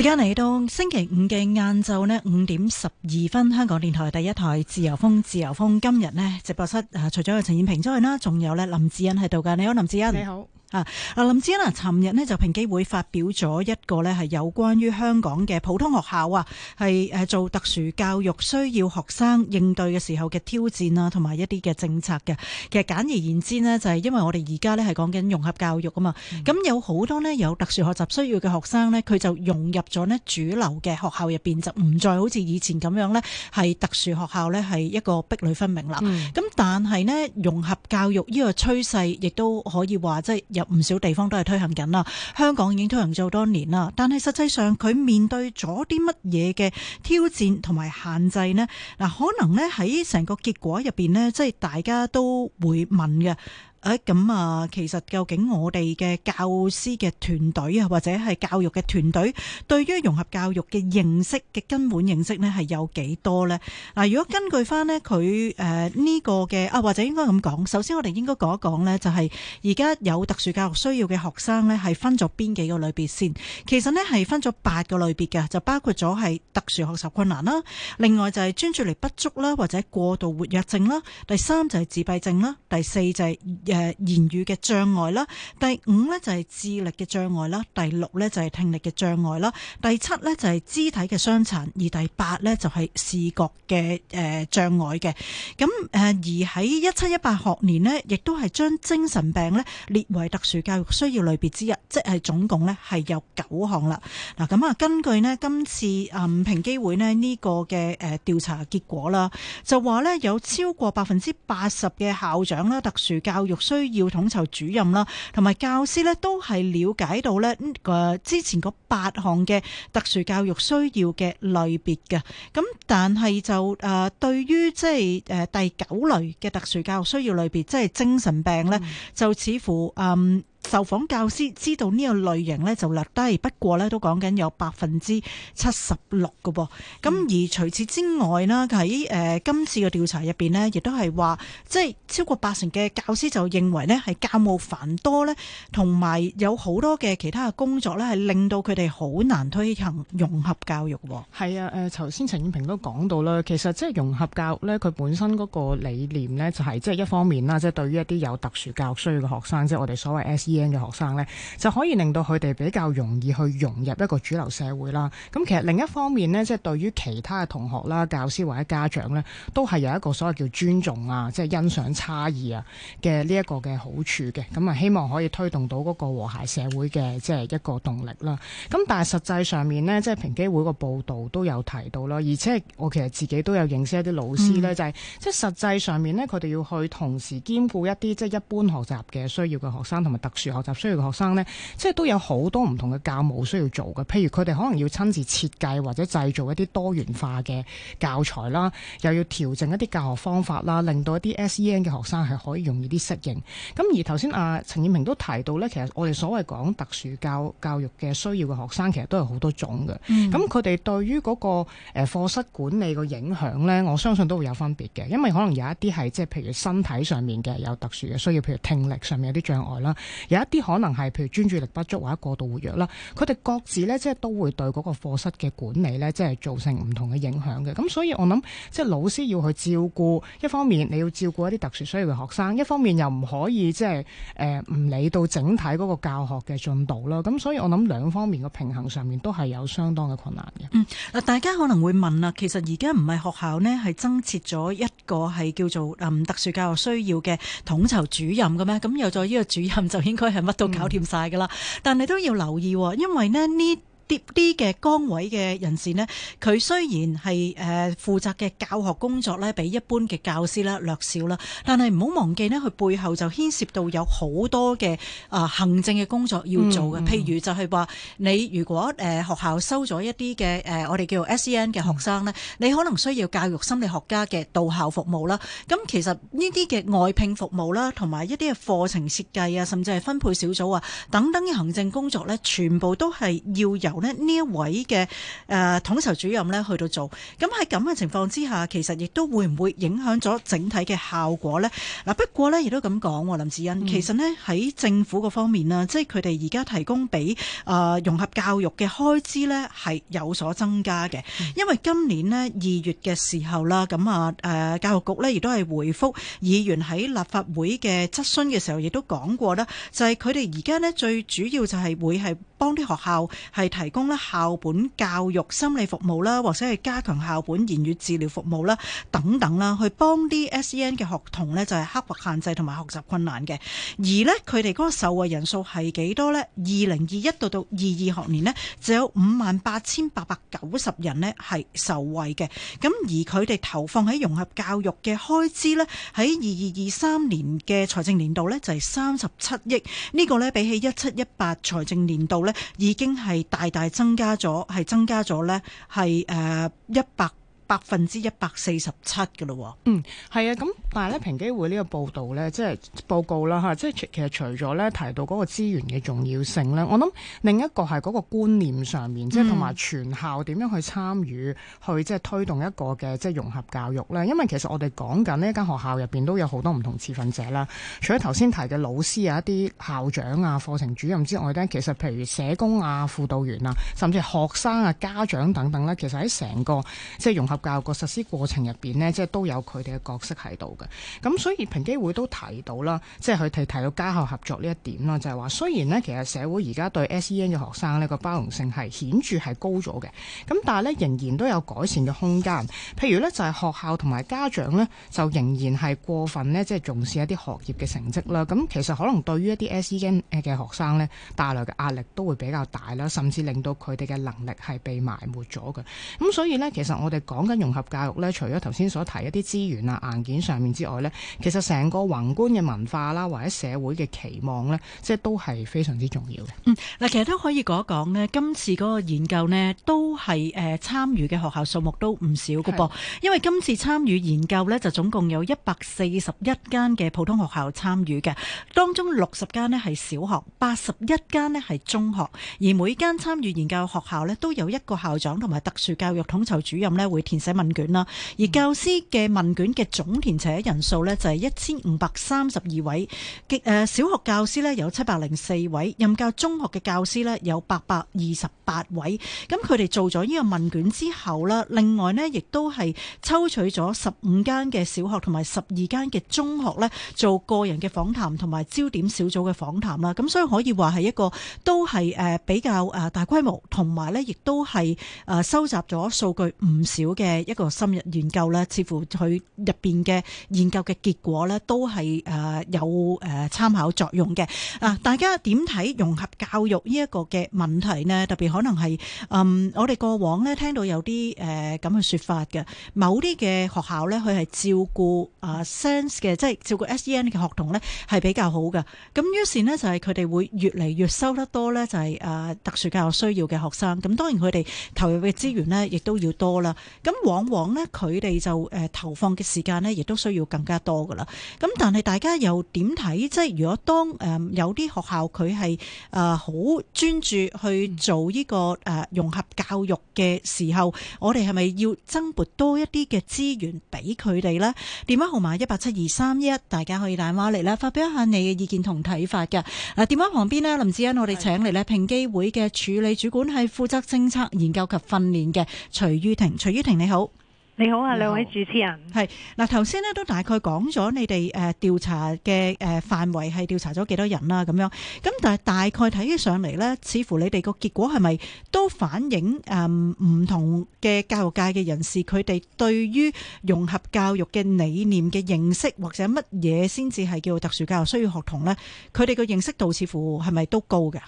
時間嚟到星期五嘅晏晝呢，五點十二分，香港電台第一台自由風，自由風今日呢，直播室啊，除咗有陳燕萍之外啦，仲有呢林志恩喺度噶。你好，林志恩。你好。志啊！林子啊，尋日咧就平機會發表咗一個咧係有關於香港嘅普通學校啊，係誒做特殊教育需要學生應對嘅時候嘅挑戰啊，同埋一啲嘅政策嘅。其實簡而言之呢就係、是、因為我哋而家咧係講緊融合教育啊嘛。咁、嗯、有好多呢，有特殊學習需要嘅學生呢，佢就融入咗咧主流嘅學校入邊，就唔再好似以前咁樣呢係特殊學校呢係一個壁壘分明啦。咁、嗯、但係呢，融合教育呢個趨勢，亦都可以話即係。有唔少地方都係推行緊啦，香港已經推行咗好多年啦，但係實際上佢面對咗啲乜嘢嘅挑戰同埋限制呢？嗱，可能呢，喺成個結果入邊呢，即係大家都會問嘅。誒咁啊，其實究竟我哋嘅教師嘅團隊啊，或者係教育嘅團隊，對於融合教育嘅認識嘅根本認識呢，係有幾多呢？嗱，如果根據翻呢，佢誒呢個嘅啊，或者應該咁講，首先我哋應該講一講呢，就係而家有特殊教育需要嘅學生呢，係分咗邊幾個類別先？其實呢，係分咗八個類別嘅，就包括咗係特殊學習困難啦，另外就係專注力不足啦，或者過度活躍症啦，第三就係自閉症啦，第四就係、是。誒，言語嘅障礙啦，第五咧，就係智力嘅障礙啦，第六咧，就係聽力嘅障礙啦，第七咧，就係肢體嘅傷殘，而第八咧，就係視覺嘅誒障礙嘅。咁誒，而喺一七一八學年呢，亦都係將精神病咧，列為特殊教育需要類別之一，即係總共咧係有九項啦。嗱，咁啊，根據呢今次誒平機會呢，呢個嘅誒調查結果啦，就話咧，有超過百分之八十嘅校長啦，特殊教育。需要統籌主任啦，同埋教師咧都係了解到咧，誒之前個八項嘅特殊教育需要嘅類別嘅，咁但係就誒、呃、對於即係誒第九類嘅特殊教育需要類別，即係精神病咧，就似乎誒。嗯受訪教師知道呢個類型呢就略低，不過呢都講緊有百分之七十六㗎噃。咁、嗯、而除此之外啦，喺、呃、今次嘅調查入面呢，亦都係話，即係超過八成嘅教師就認為呢係教務繁多呢，同埋有好多嘅其他嘅工作呢係令到佢哋好難推行融合教育。係啊，頭先陳婉萍都講到啦，其實即係融合教育呢，佢本身嗰個理念呢就係即係一方面啦，即、就、係、是、對於一啲有特殊教育需要嘅學生，即、就、係、是、我哋所謂 S。e 嘅學生咧，就可以令到佢哋比較容易去融入一個主流社會啦。咁其實另一方面呢，即係對於其他嘅同學啦、教師或者家長呢，都係有一個所謂叫尊重啊、即係欣賞差異啊嘅呢一個嘅好處嘅。咁啊，希望可以推動到嗰個和諧社會嘅即係一個動力啦。咁但係實際上面呢，即係平機會個報導都有提到啦，而且我其實自己都有認識一啲老師呢，就係即係實際上面呢，佢哋要去同時兼顧一啲即係一般學習嘅需要嘅學生同埋特。特殊學習需要嘅學生呢，即係都有好多唔同嘅教務需要做嘅。譬如佢哋可能要親自設計或者製造一啲多元化嘅教材啦，又要調整一啲教學方法啦，令到一啲 SEN 嘅學生係可以容易啲適應。咁而頭先阿陳燕明都提到呢，其實我哋所謂講特殊教教育嘅需要嘅學生，其實都有好多種嘅。咁佢哋對於嗰個誒課室管理個影響呢，我相信都會有分別嘅，因為可能有一啲係即係譬如身體上面嘅有特殊嘅需要，譬如聽力上面有啲障礙啦。有一啲可能係譬如專注力不足或者過度活躍啦，佢哋各自咧即係都會對嗰個課室嘅管理咧即係造成唔同嘅影響嘅。咁所以我諗即係老師要去照顧一方面，你要照顧一啲特殊需要嘅學生，一方面又唔可以即係誒唔理到整體嗰個教學嘅進度啦。咁所以我諗兩方面嘅平衡上面都係有相當嘅困難嘅。嗯，嗱大家可能會問喇，其實而家唔係學校呢係增設咗一個係叫做、嗯、特殊教育需要嘅統籌主任嘅咩？咁有咗呢個主任就應該。佢係乜都搞掂晒噶啦，嗯、但係都要留意，因為咧呢。啲嘅崗位嘅人士呢，佢雖然係誒、呃、負責嘅教學工作咧，比一般嘅教師咧略少啦，但係唔好忘記呢佢背後就牽涉到有好多嘅啊、呃、行政嘅工作要做嘅。嗯、譬如就係話，你如果誒、呃、學校收咗一啲嘅誒我哋叫做 SEN 嘅學生咧，嗯、你可能需要教育心理學家嘅到校服務啦。咁其實呢啲嘅外聘服務啦，同埋一啲嘅課程設計啊，甚至係分配小組啊，等等嘅行政工作咧，全部都係要由呢一位嘅、呃、統籌主任呢去到做，咁喺咁嘅情況之下，其實亦都會唔會影響咗整體嘅效果呢嗱。不過呢，亦都咁講、哦，林子欣、嗯、其實呢，喺政府個方面啦，即係佢哋而家提供俾、呃、融合教育嘅開支呢，係有所增加嘅。嗯、因為今年呢，二月嘅時候啦，咁啊、呃、教育局呢，亦都係回覆議員喺立法會嘅質詢嘅時候，亦都講過啦，就係佢哋而家呢，最主要就係會係幫啲學校係提。提供咧校本教育、心理服務啦，或者去加強校本言語治療服務啦，等等啦，去幫啲 SEN 嘅學童呢就係克服限制同埋學習困難嘅。而呢，佢哋嗰個受惠人數係幾多呢？二零二一到到二二學年呢，就有五萬八千八百九十人呢，係受惠嘅。咁而佢哋投放喺融合教育嘅開支呢，喺二二二三年嘅財政年度呢，就係三十七億。呢個呢，比起一七一八財政年度呢，已經係大。但係增加咗，係增加咗咧，係誒一百。百分之一百四十七嘅咯，嗯，係啊，咁但係咧，平機會呢個報道咧，即係報告啦，吓，即係其實除咗咧提到嗰個資源嘅重要性咧，我諗另一個係嗰個觀念上面，即係同埋全校點樣去參與去即係推動一個嘅即係融合教育咧。因為其實我哋講緊呢一間學校入邊都有好多唔同持份者啦。除咗頭先提嘅老師啊、一啲校長啊、課程主任之外咧，其實譬如社工啊、輔導員啊，甚至學生啊、家長等等咧，其實喺成個即係融合。教育嘅實施過程入邊呢，即係都有佢哋嘅角色喺度嘅。咁所以平機會都提到啦，即係佢提提到家校合作呢一點啦，就係話雖然呢，其實社會而家對 S.E.N 嘅學生呢個包容性係顯著係高咗嘅，咁但係呢仍然都有改善嘅空間，譬如呢就係學校同埋家長呢，就仍然係過分呢，即係重視一啲學業嘅成績啦。咁其實可能對於一啲 S.E.N 嘅學生呢，帶來嘅壓力都會比較大啦，甚至令到佢哋嘅能力係被埋沒咗嘅。咁所以呢，其實我哋講。新融合教育咧，除咗頭先所提嘅一啲資源啊、硬件上面之外咧，其實成個宏觀嘅文化啦、啊，或者社會嘅期望咧，即係都係非常之重要嘅。嗯，嗱，其實都可以講一講咧，今次嗰個研究咧，都係誒、呃、參與嘅學校數目都唔少嘅噃。的因為今次參與研究咧，就總共有一百四十一間嘅普通學校參與嘅，當中六十間咧係小學，八十一間咧係中學，而每間參與研究嘅學校咧，都有一個校長同埋特殊教育統籌主任咧會填。寫問卷啦，而教師嘅問卷嘅總填寫人數咧就係一千五百三十二位，誒，小學教師咧有七百零四位，任教中學嘅教師咧有八百二十八位。咁佢哋做咗呢個問卷之後咧，另外咧亦都係抽取咗十五間嘅小學同埋十二間嘅中學咧做個人嘅訪談同埋焦點小組嘅訪談啦。咁所以可以話係一個都係誒比較誒大規模，同埋咧亦都係誒收集咗數據唔少嘅。誒，一個深入研究咧，似乎佢入邊嘅研究嘅結果咧，都係誒有誒參考作用嘅。啊，大家點睇融合教育呢一個嘅問題呢？特別可能係嗯，我哋過往咧聽到有啲誒咁嘅說法嘅，某啲嘅學校咧，佢係照顧啊 SEN 嘅，即係照顧 SEN 嘅學童咧，係比較好嘅。咁於是呢，就係佢哋會越嚟越收得多咧，就係誒特殊教育需要嘅學生。咁當然，佢哋投入嘅資源咧，亦都要多啦。咁往往咧，佢哋就誒投放嘅時間咧，亦都需要更加多噶啦。咁但係大家又點睇？即係如果當誒有啲學校佢係誒好專注去做呢個誒融合教育嘅時候，我哋係咪要增撥多一啲嘅資源俾佢哋咧？電話號碼一八七二三一，大家可以打電話嚟啦，發表一下你嘅意見同睇法嘅。嗱，電話旁邊咧，林志恩，我哋請嚟咧，平機會嘅署理主管係負責政策研究及訓練嘅徐妤婷，徐妤婷。你好，你好啊，兩位主持人，係嗱，頭先咧都大概講咗你哋誒調查嘅誒範圍係調查咗幾多人啦，咁樣，咁但係大概睇起上嚟咧，似乎你哋個結果係咪都反映誒唔同嘅教育界嘅人士，佢哋對於融合教育嘅理念嘅認識或者乜嘢先至係叫特殊教育需要學童咧，佢哋嘅認識度似乎係咪都高嘅？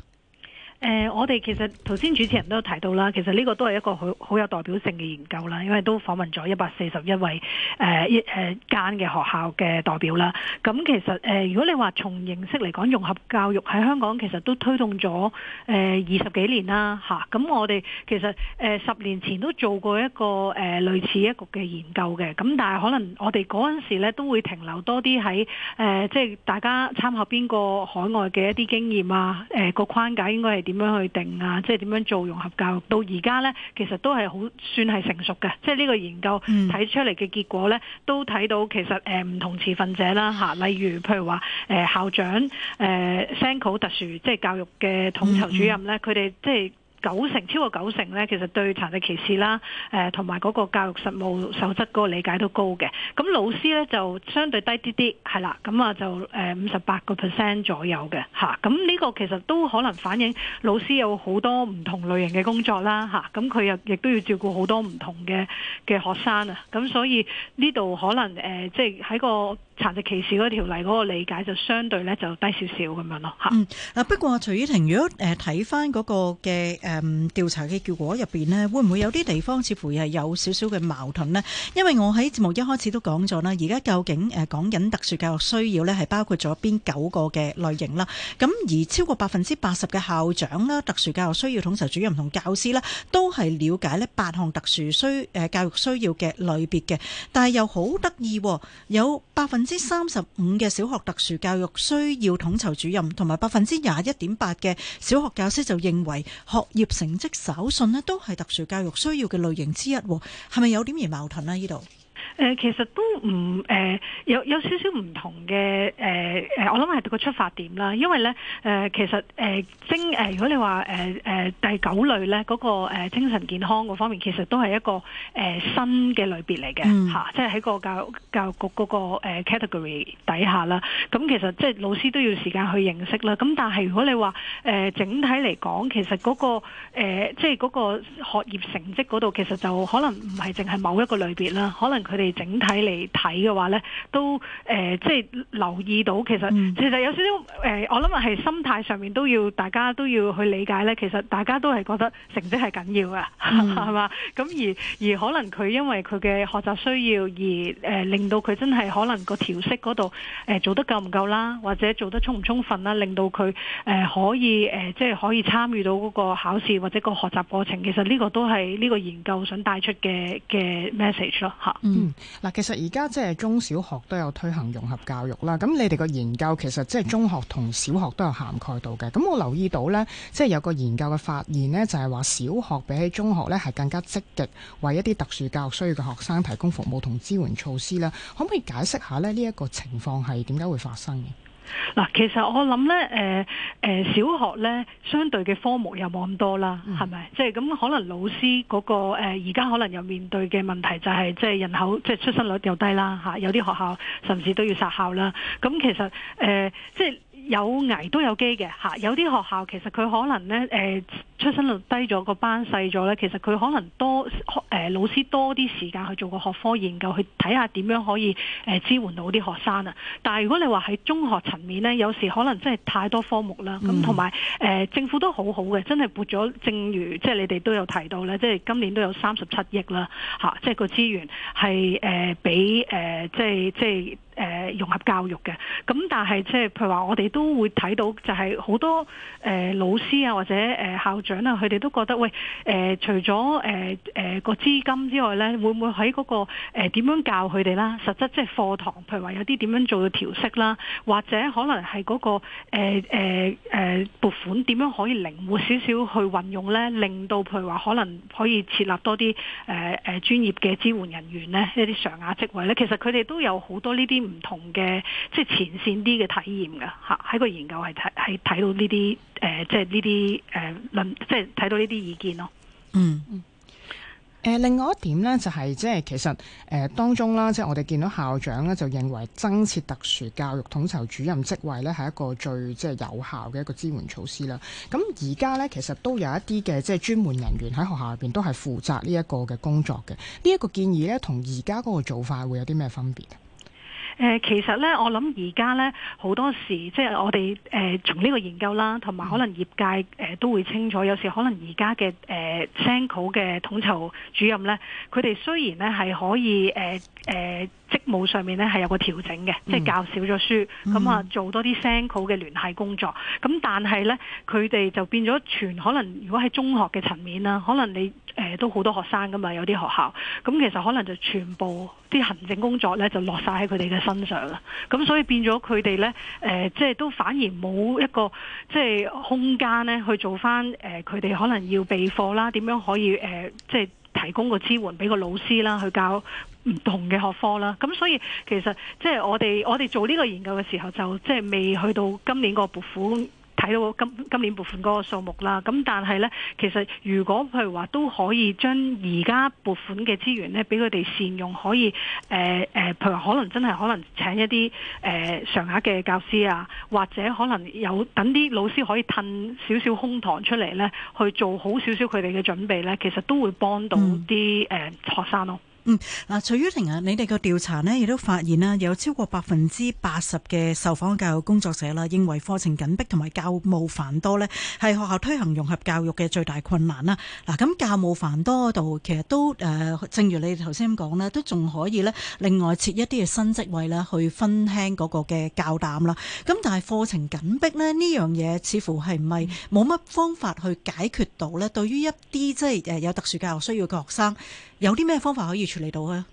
誒、呃，我哋其實頭先主持人都有提到啦，其實呢個都係一個好好有代表性嘅研究啦，因為都訪問咗一百四十一位、呃呃、間嘅學校嘅代表啦。咁、嗯、其實、呃、如果你話從形式嚟講，融合教育喺香港其實都推動咗二十幾年啦，嚇、啊。咁、嗯、我哋其實十、呃、年前都做過一個、呃、類似一個嘅研究嘅，咁但係可能我哋嗰時咧都會停留多啲喺誒，即、呃、係、即係、大家參考邊個海外嘅一啲經驗啊，誒、呃、個框架應該係點？點樣去定啊？即係點樣做融合教育？到而家咧，其實都係好算係成熟嘅。即係呢個研究睇出嚟嘅結果咧，都睇到其實誒唔同持份者啦吓，例如譬如話誒校長誒 SENCO 特殊即係教育嘅統籌主任咧，佢哋即係。九成超過九成呢，其實對殘疾歧視啦，誒同埋嗰個教育實務守則嗰個理解都高嘅。咁老師呢，就相對低啲啲，係啦，咁啊就誒五十八個 percent 左右嘅。咁呢個其實都可能反映老師有好多唔同類型嘅工作啦。咁佢、啊、又亦都要照顧好多唔同嘅嘅學生啊。咁所以呢度可能誒即係喺個殘疾歧視嗰條例嗰個理解就相對呢就低少少咁樣咯。嗯，不過徐妤婷，如果睇翻嗰個嘅嗯，調查嘅結果入邊呢，會唔會有啲地方似乎係有少少嘅矛盾呢？因為我喺節目一開始都講咗啦，而家究竟誒、呃、講緊特殊教育需要呢，係包括咗邊九個嘅類型啦。咁而超過百分之八十嘅校長啦，特殊教育需要統籌主任同教師啦，都係了解呢八項特殊需誒教育需要嘅類別嘅。但係又好得意，有百分之三十五嘅小學特殊教育需要統籌主任同埋百分之廿一點八嘅小學教師就認為學業成績稍遜都係特殊教育需要嘅類型之一，係咪有點而矛盾咧？呢度？呃、其實都唔誒、呃、有有少少唔同嘅誒、呃、我諗係對個出發點啦。因為咧誒、呃、其實誒、呃、精誒、呃，如果你話誒、呃、第九類咧嗰、那個、呃、精神健康嗰方面，其實都係一個誒、呃、新嘅類別嚟嘅、嗯啊、即係喺個教育教育局嗰、那個、呃、category 底下啦。咁其實即係老師都要時間去認識啦。咁但係如果你話誒、呃、整體嚟講，其實嗰、那個、呃、即係嗰個學業成績嗰度，其實就可能唔係淨係某一個類別啦，可能。佢哋整體嚟睇嘅話呢，都誒即係留意到，其實、嗯、其實有少少誒，我諗係心態上面都要大家都要去理解呢。其實大家都係覺得成績係緊要㗎，係嘛、嗯？咁 而而可能佢因為佢嘅學習需要而誒、呃、令到佢真係可能個調適嗰度誒做得夠唔夠啦，或者做得充唔充分啦，令到佢誒、呃、可以誒即係可以參與到嗰個考試或者個學習過程。其實呢個都係呢個研究想帶出嘅嘅 message 咯，嚇、嗯。嗱、嗯，其實而家即係中小學都有推行融合教育啦。咁你哋個研究其實即係中學同小學都有涵蓋到嘅。咁我留意到呢，即係有個研究嘅發現呢，就係話小學比起中學呢，係更加積極為一啲特殊教育需要嘅學生提供服務同支援措施咧。可唔可以解釋下呢？呢一個情況係點解會發生嘅？嗱，其實我諗咧，誒、呃，誒、呃，小學咧相對嘅科目又冇咁多啦，係咪、嗯？即係咁可能老師嗰、那個，誒、呃，而家可能又面對嘅問題就係、是，即係人口即係出生率又低啦，吓、啊，有啲學校甚至都要殺校啦。咁、嗯、其實，誒、呃，即係。有危都有機嘅吓，有啲學校其實佢可能呢，出生率低咗，個班細咗呢，其實佢可能多老師多啲時間去做個學科研究，去睇下點樣可以支援到啲學生啊。但係如果你話喺中學層面呢，有時可能真係太多科目啦，咁同埋政府都好好嘅，真係撥咗，正如即係你哋都有提到呢，即係今年都有三十七億啦吓，即係個資源係誒俾誒即係即係。誒、呃、融合教育嘅，咁但係即係譬如話，我哋都會睇到就係好多誒、呃、老師啊或者誒校長啦、啊，佢哋都覺得喂誒、呃，除咗誒誒個資金之外咧，會唔會喺嗰、那個誒點、呃、樣教佢哋啦？實質即係課堂，譬如話有啲點樣做到調適啦，或者可能係嗰、那個誒誒誒撥款點樣可以靈活少少去運用咧，令到譬如話可能可以設立多啲誒誒專業嘅支援人員咧，一啲常額職位咧，其實佢哋都有好多呢啲。唔同嘅即係前線啲嘅體驗噶吓，喺個研究係睇係睇到呢啲誒，即係呢啲誒論，即係睇到呢啲意見咯。嗯，誒、呃，另外一點咧，就係即係其實誒、呃、當中啦，即係我哋見到校長咧，就認為增設特殊教育統籌主任職位咧，係一個最即係有效嘅一個支援措施啦。咁而家咧，其實都有一啲嘅即係專門人員喺學校入邊都係負責呢一個嘅工作嘅。呢、這、一個建議咧，同而家嗰個做法會有啲咩分別？誒、呃、其實咧，我諗而家咧好多時，即係我哋誒、呃、從呢個研究啦，同埋可能業界誒、呃、都會清楚，有時可能而家嘅誒 Senco 嘅統籌主任咧，佢哋雖然咧係可以誒誒，呃呃職務上面咧係有個調整嘅，即係教少咗書，咁啊、嗯嗯、做多啲聲考嘅聯繫工作。咁但係咧，佢哋就變咗全可能，如果喺中學嘅層面啦，可能你誒、呃、都好多學生噶嘛，有啲學校。咁其實可能就全部啲行政工作咧，就落晒喺佢哋嘅身上啦。咁所以變咗佢哋咧，誒、呃、即係都反而冇一個即係空間咧去做翻誒佢哋可能要備課啦，點樣可以誒、呃、即係。提供個支援俾個老師啦，去教唔同嘅學科啦，咁所以其實即係我哋我哋做呢個研究嘅時候，就即係未去到今年個撥款。睇到今今年撥款嗰個數目啦，咁但係呢，其實如果譬如話都可以將而家撥款嘅資源呢，俾佢哋善用，可以誒誒、呃，譬如可能真係可能請一啲誒上下嘅教師啊，或者可能有等啲老師可以褪少少空堂出嚟呢，去做好少少佢哋嘅準備呢，其實都會幫到啲誒、呃、學生咯。嗯，嗱，徐妤婷啊，你哋個調查咧亦都發現啦，有超過百分之八十嘅受訪教育工作者啦，認為課程緊迫同埋教務繁多咧，係學校推行融合教育嘅最大困難啦。嗱、嗯，咁教務繁多度其實都誒、呃，正如你頭先咁講啦，都仲可以咧，另外設一啲嘅新職位啦，去分輕嗰個嘅教擔啦。咁但係課程緊迫咧呢樣嘢，似乎係唔係冇乜方法去解決到咧？對於一啲即係誒有特殊教育需要嘅學生，有啲咩方法可以？處理到佢啊！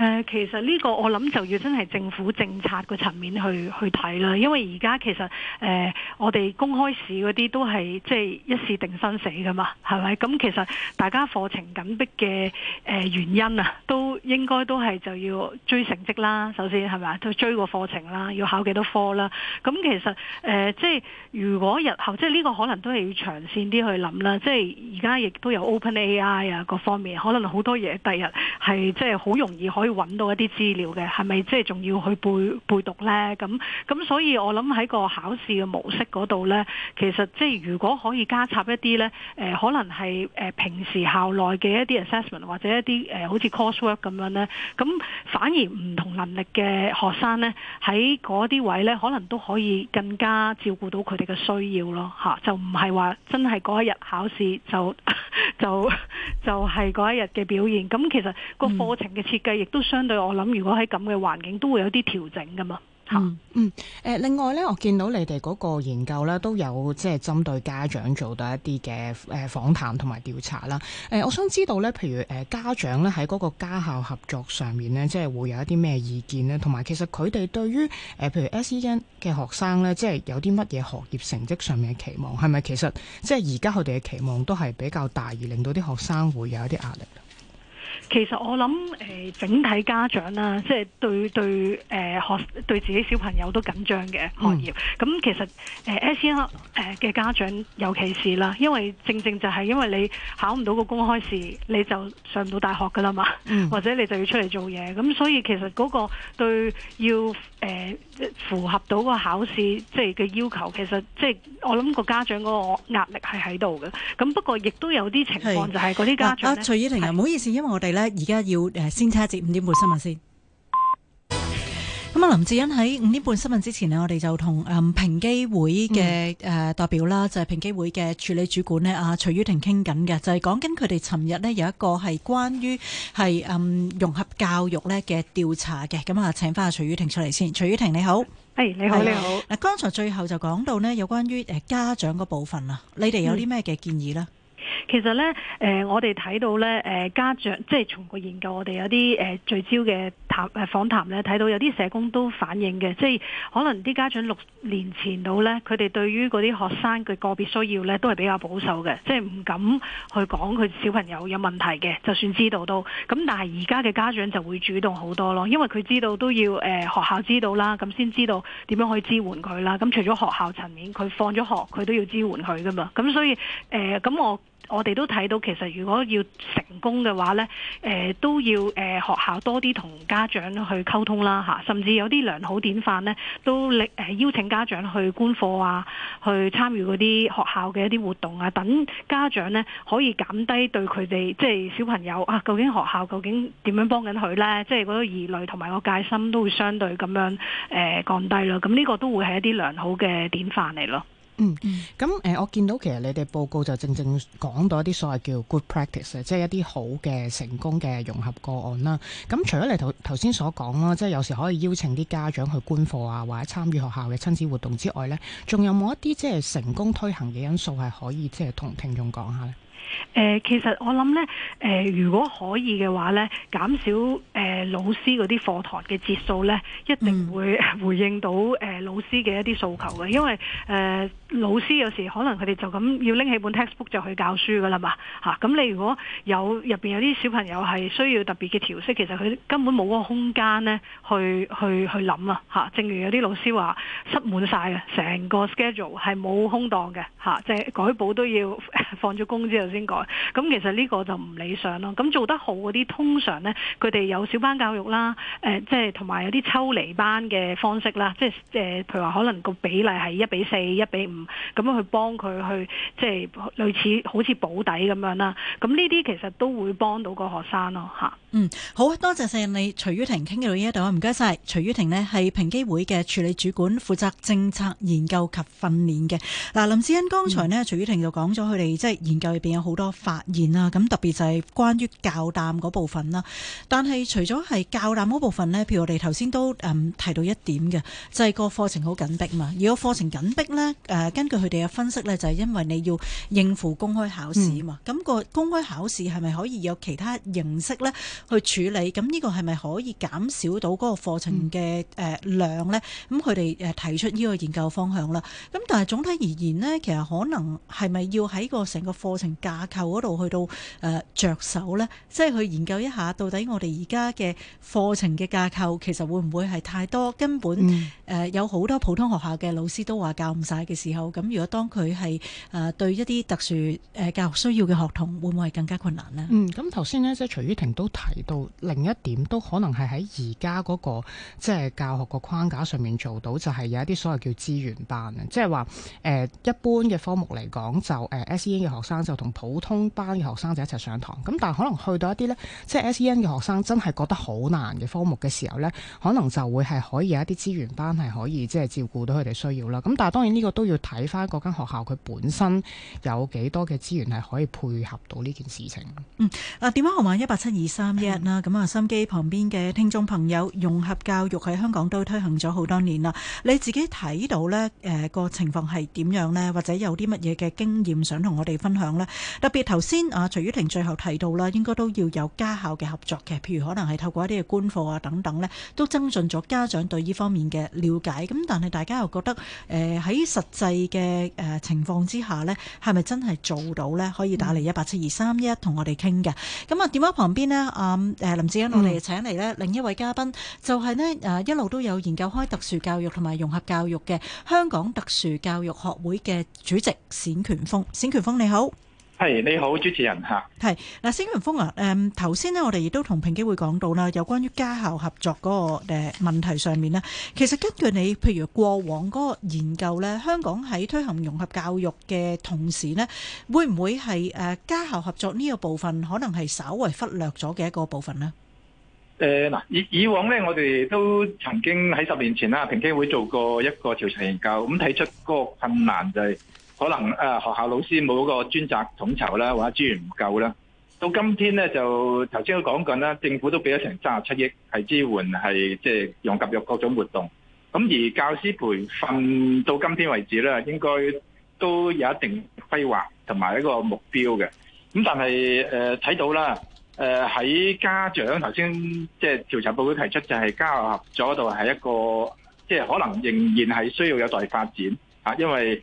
呃、其實呢個我諗就要真係政府政策個層面去去睇啦，因為而家其實誒、呃，我哋公開試嗰啲都係即係一試定生死噶嘛，係咪？咁、嗯、其實大家課程緊迫嘅原因啊，都、呃、應該都係就要追成績啦，首先係咪？都追個課程啦，要考幾多科啦，咁、嗯、其實誒、呃，即係如果日後即係呢個可能都係要長線啲去諗啦。即係而家亦都有 Open AI 啊，各方面可能好多嘢第日係即係好容易可以。揾到一啲資料嘅，係咪即係仲要去背背讀呢？咁咁，所以我諗喺個考試嘅模式嗰度呢，其實即係如果可以加插一啲呢，誒、呃，可能係誒平時校內嘅一啲 assessment 或者一啲誒、呃、好似 coursework 咁樣呢，咁反而唔同能力嘅學生呢，喺嗰啲位呢，可能都可以更加照顧到佢哋嘅需要咯，嚇就唔係話真係嗰一日考試就。就就係、是、嗰一日嘅表現，咁其實個課程嘅設計亦都相對，我諗如果喺咁嘅環境都會有啲調整噶嘛。嗯誒、嗯呃，另外咧，我見到你哋嗰個研究咧，都有即係針對家長做到一啲嘅誒訪談同埋調查啦。誒、呃，我想知道咧，譬如誒、呃、家長咧喺嗰個家校合作上面咧，即係會有一啲咩意見咧？同埋，其實佢哋對於誒譬如 SEN 嘅學生咧，即係有啲乜嘢學業成績上面嘅期望？係咪其實即係而家佢哋嘅期望都係比較大，而令到啲學生會有一啲壓力？其實我諗、呃、整體家長啦，即係對對誒、呃、學對自己小朋友都緊張嘅學、嗯、業，咁其實誒、呃、a c 嘅家長尤其是啦，因為正正就係因為你考唔到個公開試你就上唔到大學噶啦嘛。嗯、或者你就要出嚟做嘢。咁所以其實嗰對要誒、呃、符合到個考試即係嘅要求，其實即係我諗個家長個壓力係喺度嘅。咁不過亦都有啲情況是就係嗰啲家長咧、啊，徐妤婷啊，唔是好意思，因為我哋而家要誒先差一節五點半新聞先。咁啊，林志恩喺五點半新聞之前咧，我哋就同誒平機會嘅誒代表啦，嗯、就係平機會嘅署理主管咧啊，徐妤婷傾緊嘅，就係講緊佢哋尋日呢，有一個係關於係誒融合教育咧嘅調查嘅。咁啊，請返阿徐妤婷出嚟先。徐妤婷你好，係你好你好。嗱，剛才最後就講到呢，有關於誒家長嗰部分啦，你哋有啲咩嘅建議咧？嗯其實呢，誒、呃，我哋睇到呢誒，家長即係從個研究我，我哋有啲誒聚焦嘅談誒訪談咧，睇、呃、到有啲社工都反映嘅，即係可能啲家長六年前到呢，佢哋對於嗰啲學生嘅個別需要呢，都係比較保守嘅，即係唔敢去講佢小朋友有問題嘅，就算知道都咁，但係而家嘅家長就會主動好多咯，因為佢知道都要誒、呃、學校知道啦，咁先知道點樣可以支援佢啦。咁除咗學校層面，佢放咗學，佢都要支援佢噶嘛。咁所以誒，咁、呃、我。我哋都睇到，其實如果要成功嘅話呢、呃、都要、呃、學校多啲同家長去溝通啦吓，甚至有啲良好典範呢都力、呃、邀請家長去觀課啊，去參與嗰啲學校嘅一啲活動啊，等家長呢可以減低對佢哋即係小朋友啊，究竟學校究竟點樣幫緊佢呢？即係嗰個疑慮同埋個戒心都會相對咁樣、呃、降低啦。咁呢個都會係一啲良好嘅典範嚟咯。嗯，咁我見到其實你哋報告就正正講到一啲所謂叫 good practice，即係一啲好嘅成功嘅融合個案啦。咁除咗你頭頭先所講啦，即係有時可以邀請啲家長去觀課啊，或者參與學校嘅親子活動之外呢，仲有冇一啲即係成功推行嘅因素係可以即係同聽眾講下呢？誒、呃，其實我諗呢，誒、呃，如果可以嘅話呢，減少誒、呃、老師嗰啲課堂嘅節數呢，一定會回應到誒、呃、老師嘅一啲訴求嘅。因為誒、呃、老師有時可能佢哋就咁要拎起本 textbook 就去教書噶啦嘛，吓咁。啊、那你如果有入邊有啲小朋友係需要特別嘅調適，其實佢根本冇嗰個空間呢去去去諗啊，吓。正如有啲老師話，塞滿晒啊，成個 schedule 係冇空檔嘅，吓即係改簿都要 放咗工之後。先改，咁其實呢個就唔理想咯。咁做得好嗰啲，通常呢，佢哋有小班教育啦，誒，即係同埋有啲抽離班嘅方式啦，即係誒，譬如話可能個比例係一比四、一比五咁樣去幫佢去，即係類似好似保底咁樣啦。咁呢啲其實都會幫到個學生咯，嚇。嗯，好多謝曬你，徐妤婷傾到呢一度啊，唔該晒，徐妤婷呢係平機會嘅署理主管，負責政策研究及訓練嘅。嗱，林志欣剛才呢，嗯、徐妤婷就講咗佢哋即係研究入邊。好多發現啊，咁特別就係關於教擔嗰部分啦。但係除咗係教擔嗰部分咧，譬如我哋頭先都誒提到一點嘅，就係個課程好緊迫嘛。如果課程緊迫咧，誒根據佢哋嘅分析咧，就係、是、因為你要應付公開考試啊嘛。咁、嗯、個公開考試係咪可以有其他形式咧去處理？咁呢個係咪可以減少到嗰個課程嘅誒量咧？咁佢哋誒提出呢個研究方向啦。咁但係總體而言咧，其實可能係咪要喺個成個課程架構嗰度去到誒着、呃、手咧，即係去研究一下，到底我哋而家嘅課程嘅架構其實會唔會係太多？根本誒、嗯呃、有好多普通學校嘅老師都話教唔晒嘅時候，咁如果當佢係誒對一啲特殊誒教學需要嘅學童，會唔會係更加困難呢？嗯，咁頭先呢，即係徐妤婷都提到另一點，都可能係喺而家嗰個即係教學個框架上面做到，就係、是、有一啲所謂叫資源班啊，即係話誒一般嘅科目嚟講，就誒 SEN 嘅學生就同，普通班嘅學生就一齊上堂，咁但係可能去到一啲咧，即係 S.E.N. 嘅學生真係覺得好難嘅科目嘅時候呢，可能就會係可以有一啲資源班係可以即係照顧到佢哋需要啦。咁但係當然呢個都要睇翻嗰間學校佢本身有幾多嘅資源係可以配合到呢件事情。嗯，啊電話號碼一八七二三一啦，咁啊、嗯、心機旁邊嘅聽眾朋友，融合教育喺香港都推行咗好多年啦。你自己睇到呢誒個、呃、情況係點樣呢？或者有啲乜嘢嘅經驗想同我哋分享呢？特別頭先啊，徐妤婷最後提到啦，應該都要有家校嘅合作嘅，譬如可能係透過一啲嘅官課啊等等呢，都增進咗家長對呢方面嘅了解。咁，但係大家又覺得喺、呃、實際嘅情況之下呢，係咪真係做到呢？可以打嚟一八七二三一一同我哋傾嘅。咁啊、嗯，電話旁邊呢，啊、嗯、誒林志欣，我哋請嚟呢另一位嘉賓，就係、是、呢一路都有研究開特殊教育同埋融合教育嘅香港特殊教育學會嘅主席冼權鋒。冼權鋒你好。係你好，主持人吓。係嗱、啊，冼權鋒啊，誒、嗯，頭先呢我哋亦都同平機會講到啦，有關於家校合作嗰個誒問題上面咧，其實根據你譬如過往嗰個研究呢，香港喺推行融合教育嘅同時呢會唔會係誒家校合作呢個部分，可能係稍為忽略咗嘅一個部分咧？誒、呃，嗱，以以往呢我哋都曾經喺十年前啦，平機會做過一個調查研究，咁睇出嗰個困難就係、是。可能誒學校老師冇嗰個專責統籌啦，或者資源唔夠啦。到今天咧就頭先都講緊啦，政府都俾咗成三十七億係支援，係即係用及育各種活動。咁而教師培訓到今天為止咧，應該都有一定規劃同埋一個目標嘅。咁但係誒睇到啦，誒、呃、喺家長頭先即係調查報告提出就係家校合作嗰度係一個，即、就、係、是、可能仍然係需要有待發展吓因為。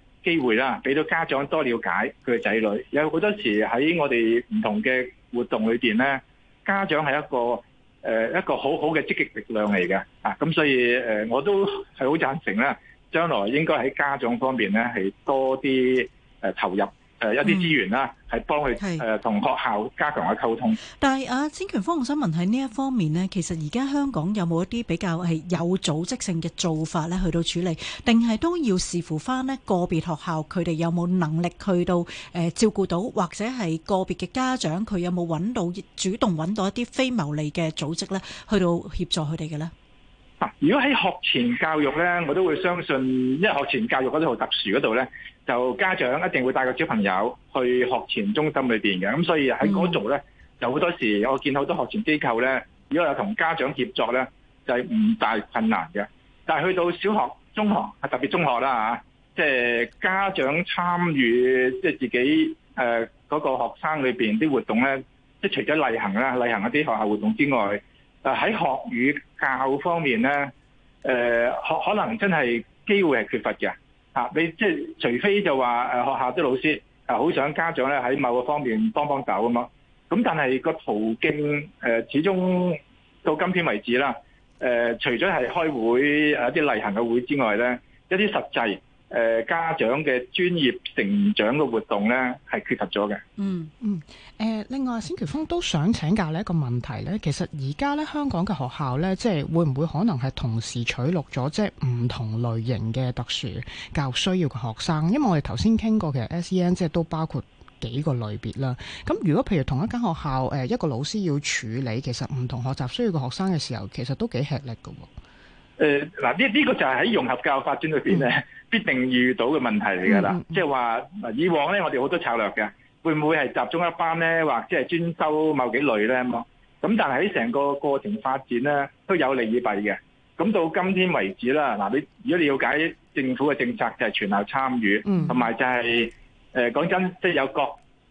機會啦，俾到家長多了解佢嘅仔女，有好多時喺我哋唔同嘅活動裏邊咧，家長係一個誒一個好好嘅積極力量嚟嘅啊！咁所以誒，我都係好贊成啦，將來應該喺家長方面咧係多啲誒投入。誒一啲資源啦，係幫佢誒同學校加強下溝通。但係阿冼權鋒，我想問喺呢一方面咧，其實而家香港有冇一啲比較係有組織性嘅做法咧，去到處理，定係都要視乎翻咧個別學校佢哋有冇能力去到誒照顧到，或者係個別嘅家長佢有冇揾到主動揾到一啲非牟利嘅組織咧，去到協助佢哋嘅咧？嗱，如果喺學前教育咧，我都會相信，因為學前教育嗰啲好特殊嗰度咧。有家長一定會帶個小朋友去學前中心裏邊嘅，咁所以喺嗰度咧，有好、嗯、多時我見好多學前機構咧，如果有同家長協作咧，就係、是、唔大困難嘅。但係去到小學、中學，係特別中學啦嚇，即係家長參與即係自己誒嗰個學生裏邊啲活動咧，即係除咗例行啦、例行一啲學校活動之外，誒喺學與教方面咧，誒可可能真係機會係缺乏嘅。啊！你即係除非就話誒，學校啲老師啊，好想家長咧喺某個方面幫幫手吖嘛。咁但係個途徑誒，始終到今天為止啦。誒，除咗係開會啊，一啲例行嘅會之外咧，一啲實際。誒家長嘅專業成長嘅活動呢，係缺乏咗嘅。嗯嗯，誒另外，冼權鋒都想請教你一個問題呢。其實而家呢，香港嘅學校呢，即係會唔會可能係同時取錄咗即係唔同類型嘅特殊教育需要嘅學生？因為我哋頭先傾過嘅 S.E.N. 即係都包括幾個類別啦。咁如果譬如同一間學校誒一個老師要處理其實唔同學習需要嘅學生嘅時候，其實都幾吃力㗎喎。誒嗱，呢呢、呃這個就係喺融合教育發展裏面咧，嗯、必定遇到嘅問題嚟㗎啦。嗯、即係話嗱，以往咧我哋好多策略嘅，會唔會係集中一班咧，或者係專收某幾類咧咁咁，但係喺成個過程發展咧，都有利與弊嘅。咁到今天為止啦，嗱你如果你了解政府嘅政策就係全校參與，同埋、嗯、就係誒講真，即、就、係、是、有各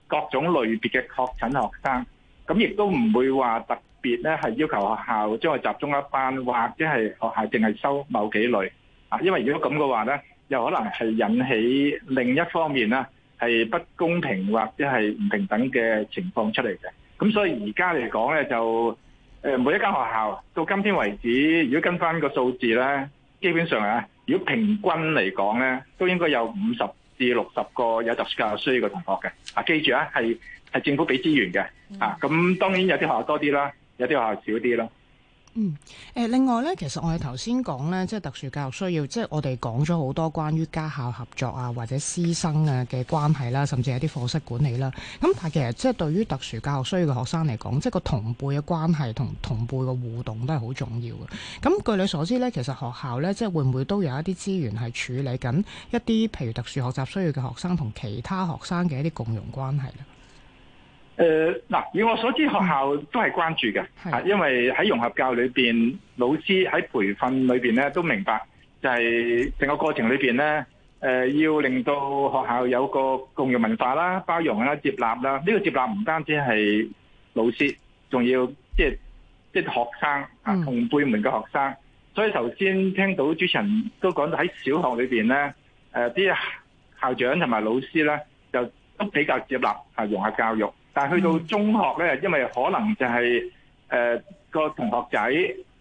各種類別嘅確診學生，咁亦都唔會話特別咧係要求學校將佢集中一班，或者係學校淨係收某幾類啊。因為如果咁嘅話咧，又可能係引起另一方面啦，係不公平或者係唔平等嘅情況出嚟嘅。咁所以而家嚟講咧，就誒每一間學校到今天為止，如果跟翻個數字咧，基本上啊，如果平均嚟講咧，都應該有五十至六十個有特殊教育需要嘅同學嘅。啊，記住啊，係係政府俾資源嘅啊。咁、嗯、當然有啲學校多啲啦。有啲學校少啲咯。嗯，誒、呃、另外咧，其實我哋頭先講咧，即係特殊教育需要，即係我哋講咗好多關於家校合作啊，或者師生啊嘅關係啦，甚至係一啲課室管理啦。咁但係其實即係對於特殊教育需要嘅學生嚟講，即係個同輩嘅關係同同輩嘅互動都係好重要嘅。咁據你所知咧，其實學校咧，即係會唔會都有一啲資源係處理緊一啲譬如特殊學習需要嘅學生同其他學生嘅一啲共融關係咧？誒，嗱、呃，以我所知，學校都係關注嘅，吓的，因為喺融合教育裏邊，老師喺培訓裏邊咧都明白，就係成個過程裏邊咧，誒、呃，要令到學校有個共融文化啦、包容啦、接納啦。呢、這個接納唔單止係老師，仲要即係即係學生啊，嗯、同輩們嘅學生。所以頭先聽到主持人都講到喺小學裏邊咧，誒、呃，啲校長同埋老師咧，就都比較接納啊，融合教育。但係去到中學咧，因為可能就係、是、誒、呃那個同學仔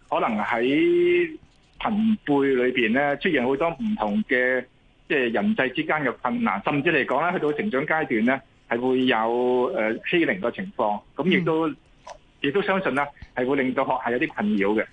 可能喺朋輩裏邊咧出現好多唔同嘅即係人際之間嘅困難，甚至嚟講咧去到成長階段咧係會有誒欺凌嘅情況，咁亦都亦、嗯、都相信啦，係會令到學校有啲困擾嘅。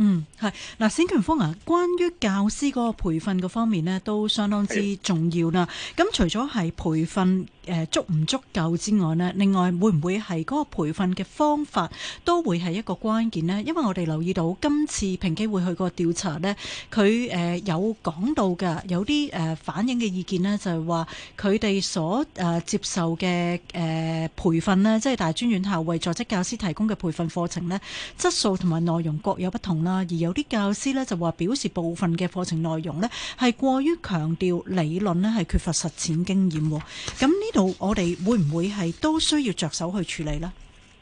嗯，係，嗱，冼權鋒啊，關於教師個培訓嘅方面咧，都相當之重要啦。咁的除咗係培訓。誒足唔足夠之外呢？另外會唔會係嗰個培訓嘅方法都會係一個關鍵呢？因為我哋留意到今次平機會去個調查呢，佢誒有講到嘅有啲誒反映嘅意見呢，就係話佢哋所誒接受嘅誒培訓呢，即係大專院校為在職教師提供嘅培訓課程呢，質素同埋內容各有不同啦。而有啲教師呢，就話表示部分嘅課程內容呢，係過於強調理論呢係缺乏實踐經驗。咁呢？我哋會唔會係都需要着手去處理呢？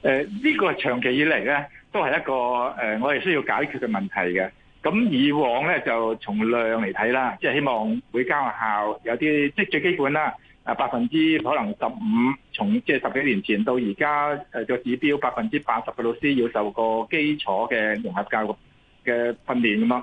誒、呃，呢、呢個係長期以嚟呢都係一個誒，我哋需要解決嘅問題嘅。咁以往呢，就從量嚟睇啦，即係希望每間學校有啲，即係最基本啦，啊，百分之可能十五，從即係十幾年前到而家誒個指標，百分之八十嘅老師要受過基礎嘅融合教育嘅訓練咁。咁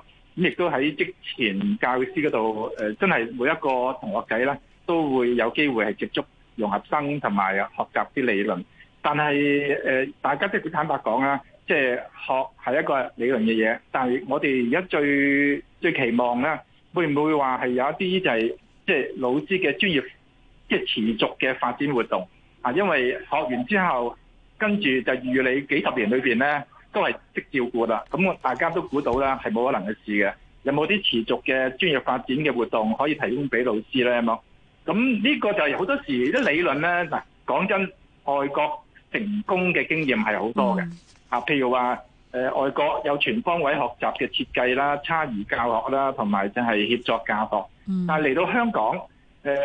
亦都喺職前教師嗰度，誒、呃，真係每一個同學仔呢都會有機會係接觸。融合生同埋學習啲理論，但係誒，大家即係坦白講啦，即係學係一個理論嘅嘢。但係我哋而家最最期望咧，會唔會話係有一啲就係即係老師嘅專業即係持續嘅發展活動啊？因為學完之後，跟住就預你幾十年裏邊咧，都係識照顧啦。咁大家都估到啦，係冇可能嘅事嘅。有冇啲持續嘅專業發展嘅活動可以提供俾老師咧，阿莫？咁呢個就係好多時啲理論咧。嗱，講真，外國成功嘅經驗係好多嘅。啊、mm，hmm. 譬如話，誒，外國有全方位學習嘅設計啦、差異教學啦，同埋就係協作教學。Mm hmm. 但嚟到香港，誒、呃，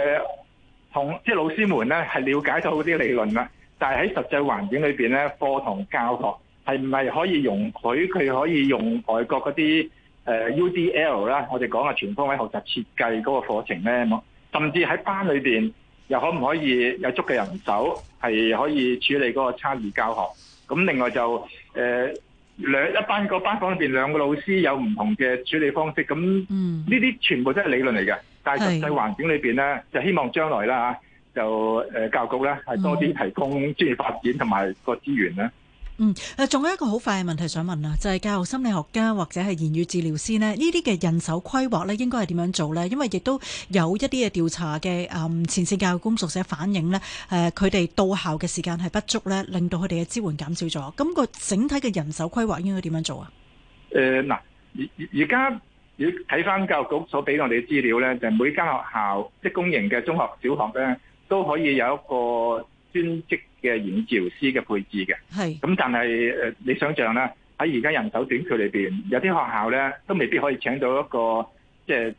同即係老師們咧係了解到啲理論啦，但係喺實際環境裏面咧，課堂教學係唔係可以容許佢可以用外國嗰啲誒 U D L 啦，我哋講下全方位學習設計嗰個課程咧？甚至喺班裏邊又可唔可以有足嘅人手，係可以處理嗰個差異教學。咁另外就誒兩、呃、一班個班房裏邊兩個老師有唔同嘅處理方式。咁呢啲全部都係理論嚟嘅，但係實際環境裏邊咧，的就希望將來啦吓，就誒教育局咧係多啲提供專業發展同埋個資源咧。嗯，誒，仲有一個好快嘅問題想問啦，就係教育心理學家或者係言語治療師咧，呢啲嘅人手規劃咧，應該係點樣做咧？因為亦都有一啲嘅調查嘅誒，前線教育工作者反映咧，誒，佢哋到校嘅時間係不足咧，令到佢哋嘅支援減少咗。咁個整體嘅人手規劃應該點樣做啊？誒，嗱，而而而家要睇返教育局所俾我哋嘅資料咧，就係每間學校，即公營嘅中學、小學咧，都可以有一個專職嘅言語治療師嘅配置嘅，咁係，但係誒，你想象呢，喺而家人手短缺裏邊，有啲學校咧都未必可以請到一個即係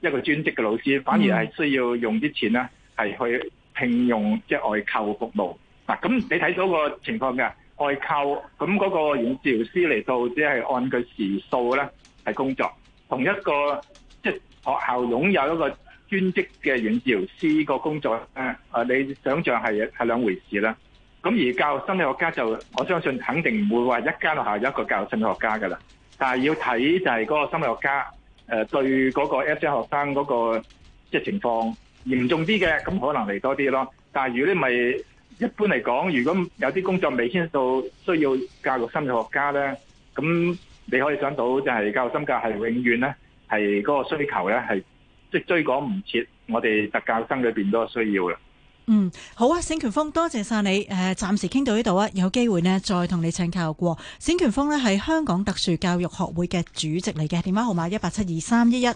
一個專職嘅老師，反而係需要用啲錢咧係去聘用即係外購服務嗱。咁你睇到個情況嘅外購，咁嗰個言語治療師嚟到只係按佢時數咧係工作，同一個即係學校擁有一個。專職嘅言語治療師個工作，你想象係係兩回事啦。咁而教育心理學家就，我相信肯定唔會話一間學校有一個教育心理學家噶啦。但係要睇就係嗰個心理學家，誒、呃、對嗰個 S，J 學生嗰、那個即、就是、情況嚴重啲嘅，咁可能嚟多啲咯。但係如果你咪一般嚟講，如果有啲工作未先到需要教育心理學家咧，咁你可以想到就係教育心教係係永遠咧係嗰個需求咧係。追趕唔切，我哋特教生裏邊都需要嘅。嗯，好啊，冼權鋒，多謝晒你。誒、呃，暫時傾到呢度啊，有機會呢再同你請教過。冼權鋒呢，係香港特殊教育學會嘅主席嚟嘅，電話號碼一八七二三一一。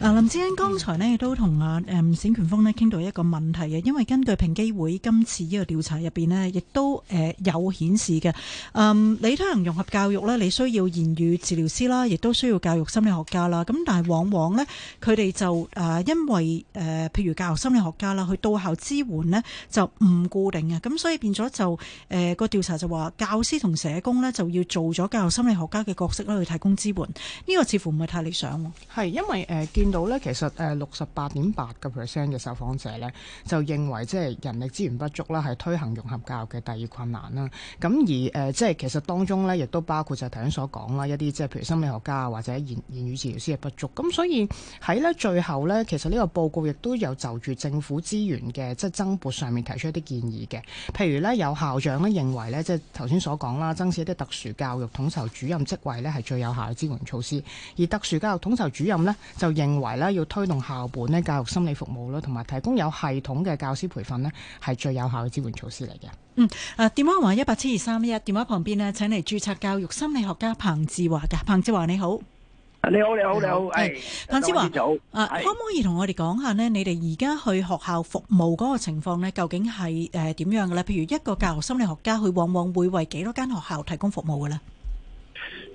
啊，林志恩剛才呢，亦都同啊誒冼權鋒咧傾到一個問題嘅，因為根據平機會今次呢個調查入邊呢，亦都誒有顯示嘅，嗯，你推行融合教育呢，你需要言語治療師啦，亦都需要教育心理學家啦，咁但係往往呢，佢哋就誒因為誒譬如教育心理學家啦，去到校支援呢，就唔固定呀，咁所以變咗就誒個調查就話，教師同社工呢，就要做咗教育心理學家嘅角色啦，去提供支援，呢、這個似乎唔係太理想。係因為誒、呃、見。到咧，其實誒六十八點八個 percent 嘅受訪者咧，就認為即係人力資源不足啦，係推行融合教育嘅第二困難啦。咁而誒即係其實當中咧，亦都包括就頭先所講啦，一啲即係譬如心理學家啊，或者言言語治療師嘅不足。咁所以喺咧最後咧，其實呢個報告亦都有就住政府資源嘅即係增撥上面提出一啲建議嘅。譬如咧，有校長咧認為咧，即係頭先所講啦，增設一啲特殊教育統籌主任職位咧，係最有效嘅支援措施。而特殊教育統籌主任咧，就認為為啦，要推動校本咧教育心理服務啦，同埋提供有系統嘅教師培訓咧，係最有效嘅支援措施嚟嘅。嗯，誒、啊，電話號一八七二三一，電話，話旁邊咧，請嚟註冊教育心理學家彭智華嘅。彭智華你好，你好你好你好，係彭智華。早啊，可唔可以同我哋講下呢？你哋而家去學校服務嗰個情況咧，究竟係誒點樣嘅咧？譬如一個教育心理學家，佢往往會為幾多間學校提供服務嘅呢？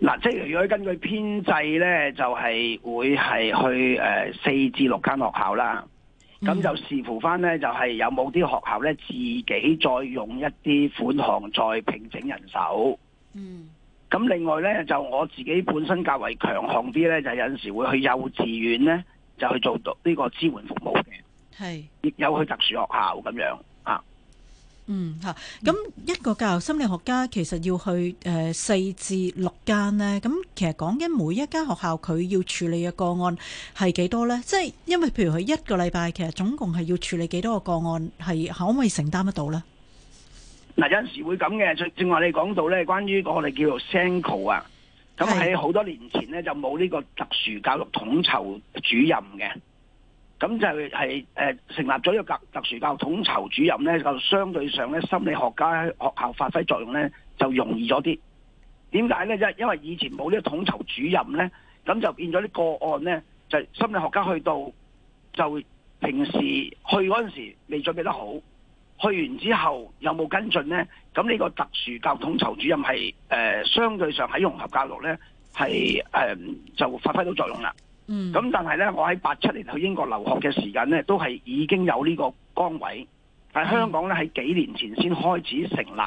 嗱、啊，即係如果根據編制咧，就係、是、會係去誒四至六間學校啦。咁、嗯、就視乎翻咧，就係、是、有冇啲學校咧自己再用一啲款項再聘請人手。嗯。咁另外咧，就我自己本身較為強項啲咧，就是、有陣時會去幼稚園咧，就去做到呢個支援服務嘅。係是。亦有去特殊學校咁樣。嗯吓，咁一個教育心理學家其實要去誒四至六間咧，咁其實講緊每一間學校佢要處理嘅個案係幾多咧？即係因為譬如佢一個禮拜其實總共係要處理幾多個個案，係可唔可以承擔得到咧？嗱，有陣時會咁嘅。正正話你講到咧，關於我哋叫做 SENCO 啊，咁喺好多年前咧就冇呢個特殊教育統籌主任嘅。咁就係、呃、成立咗一個特特殊教育統籌主任咧，就相對上咧，心理學家喺學校發揮作用咧就容易咗啲。點解咧？即係因為以前冇呢個統籌主任咧，咁就變咗啲個案咧，就心理學家去到就平時去嗰陣時未準備得好，去完之後有冇跟進咧？咁呢個特殊教育統籌主任係、呃、相對上喺融合教育咧係、呃、就發揮到作用啦。嗯，咁但係咧，我喺八七年去英國留學嘅時間咧，都係已經有呢個崗位，喺香港咧喺、嗯、幾年前先開始成立，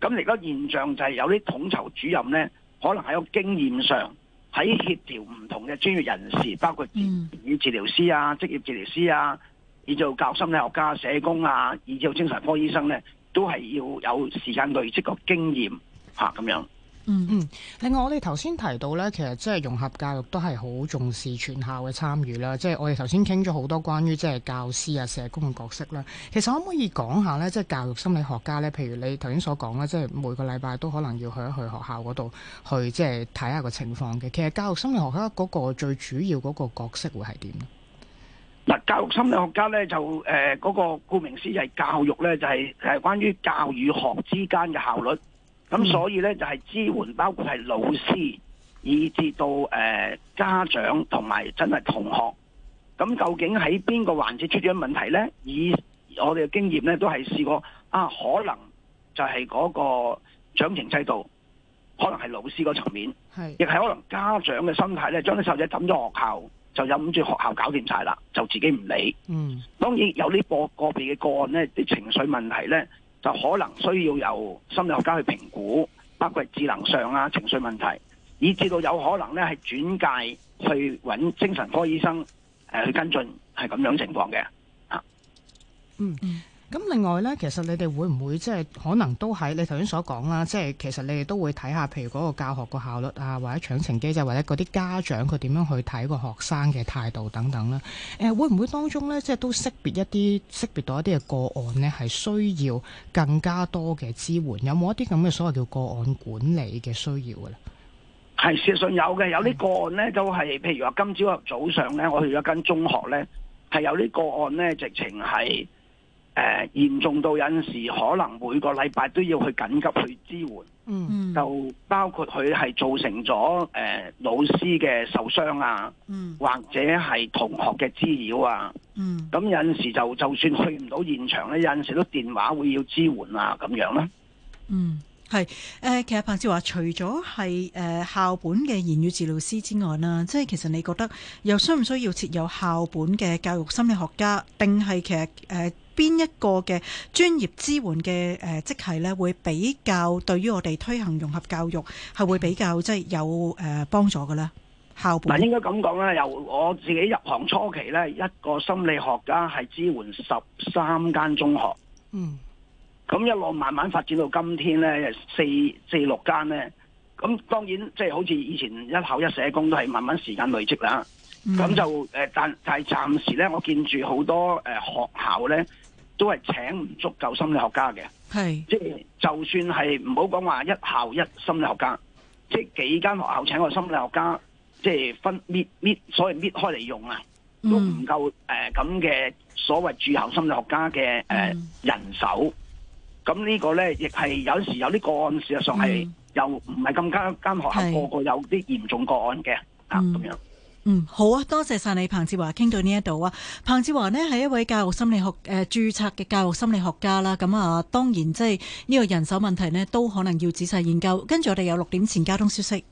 咁嚟個現象就係有啲統籌主任咧，可能喺個經驗上，喺協調唔同嘅專業人士，包括嗯，與治療師啊、職業治療師啊，以做教育心理學家、社工啊，以至精神科醫生咧，都係要有時間累積個經驗，吓、啊、咁樣。嗯嗯，另外我哋頭先提到咧，其實即係融合教育都係好重視全校嘅參與啦。即係我哋頭先傾咗好多關於即係教師啊、社工嘅角色啦。其實可唔可以講下咧？即係教育心理學家咧，譬如你頭先所講啦，即係每個禮拜都可能要去一去學校嗰度去即係睇下個情況嘅。其實教育心理學家嗰個最主要嗰個角色會係點咧？嗱，教育心理學家咧就誒嗰個顧名思義係教育咧，就係誒關於教與學之間嘅效率。咁、嗯、所以咧就係、是、支援，包括係老師，以至到誒、呃、家長同埋真係同學。咁究竟喺邊個環節出咗問題咧？以我哋嘅經驗咧，都係試過啊，可能就係嗰個獎懲制度，可能係老師個層面，亦係是可能家長嘅心態咧，將啲細仔抌咗學校，就諗住學校搞掂晒啦，就自己唔理。嗯，當然有啲個個別嘅個案咧，啲情緒問題咧。就可能需要由心理學家去評估，包括智能上啊、情緒問題，以至到有可能咧係轉介去揾精神科醫生誒去跟進，係咁樣的情況嘅。嗯。咁另外呢，其實你哋會唔會即係可能都喺你頭先所講啦，即係其實你哋都會睇下，譬如嗰個教學個效率啊，或者搶情機制，或者嗰啲家長佢點樣去睇個學生嘅態度等等啦。誒，會唔會當中呢？即係都識別一啲識別到一啲嘅個案呢，係需要更加多嘅支援？有冇一啲咁嘅所謂叫個案管理嘅需要嘅咧？係事實上有嘅，有啲個案呢，都係，譬如話今朝早上呢，我去咗間中學呢，係有啲個案呢，直情係。誒，嚴、啊、重到有陣時可能每個禮拜都要去緊急去支援，嗯，嗯就包括佢係造成咗誒、呃、老師嘅受傷啊，嗯，或者係同學嘅滋擾啊，嗯，咁有陣時就就算去唔到現場咧，有陣時都電話會要支援啊，咁樣呢，嗯，係誒、呃，其實彭智華除咗係誒校本嘅言語治療師之外啦，即係其實你覺得又需唔需要設有校本嘅教育心理學家，定係其實誒？呃邊一個嘅專業支援嘅誒、呃，即係咧會比較對於我哋推行融合教育係會比較即係、就是、有誒幫、呃、助嘅咧。校本應該咁講啦，由我自己入行初期咧，一個心理學家係支援十三間中學。嗯，咁一路慢慢發展到今天咧，四四六間咧，咁當然即係、就是、好似以前一校一社工都係慢慢時間累積啦。咁、嗯、就誒，但但係暫時咧，我見住好多誒學校咧。都係請唔足夠心理學家嘅，係是即係就算係唔好講話一校一心理學家，即係幾間學校請個心理學家，即係分搣搣，所謂搣開嚟用啊，都唔夠誒咁嘅所謂駐校心理學家嘅誒、呃嗯、人手。咁呢個咧，亦係有陣時候有啲個案事實上係、嗯、又唔係咁間間學校個個有啲嚴重個案嘅啊咁樣。嗯，好啊，多謝晒你，彭智華，傾到呢一度啊。彭智華呢係一位教育心理學誒註冊嘅教育心理學家啦。咁啊，當然即係呢個人手問題呢都可能要仔細研究。跟住我哋有六點前交通消息。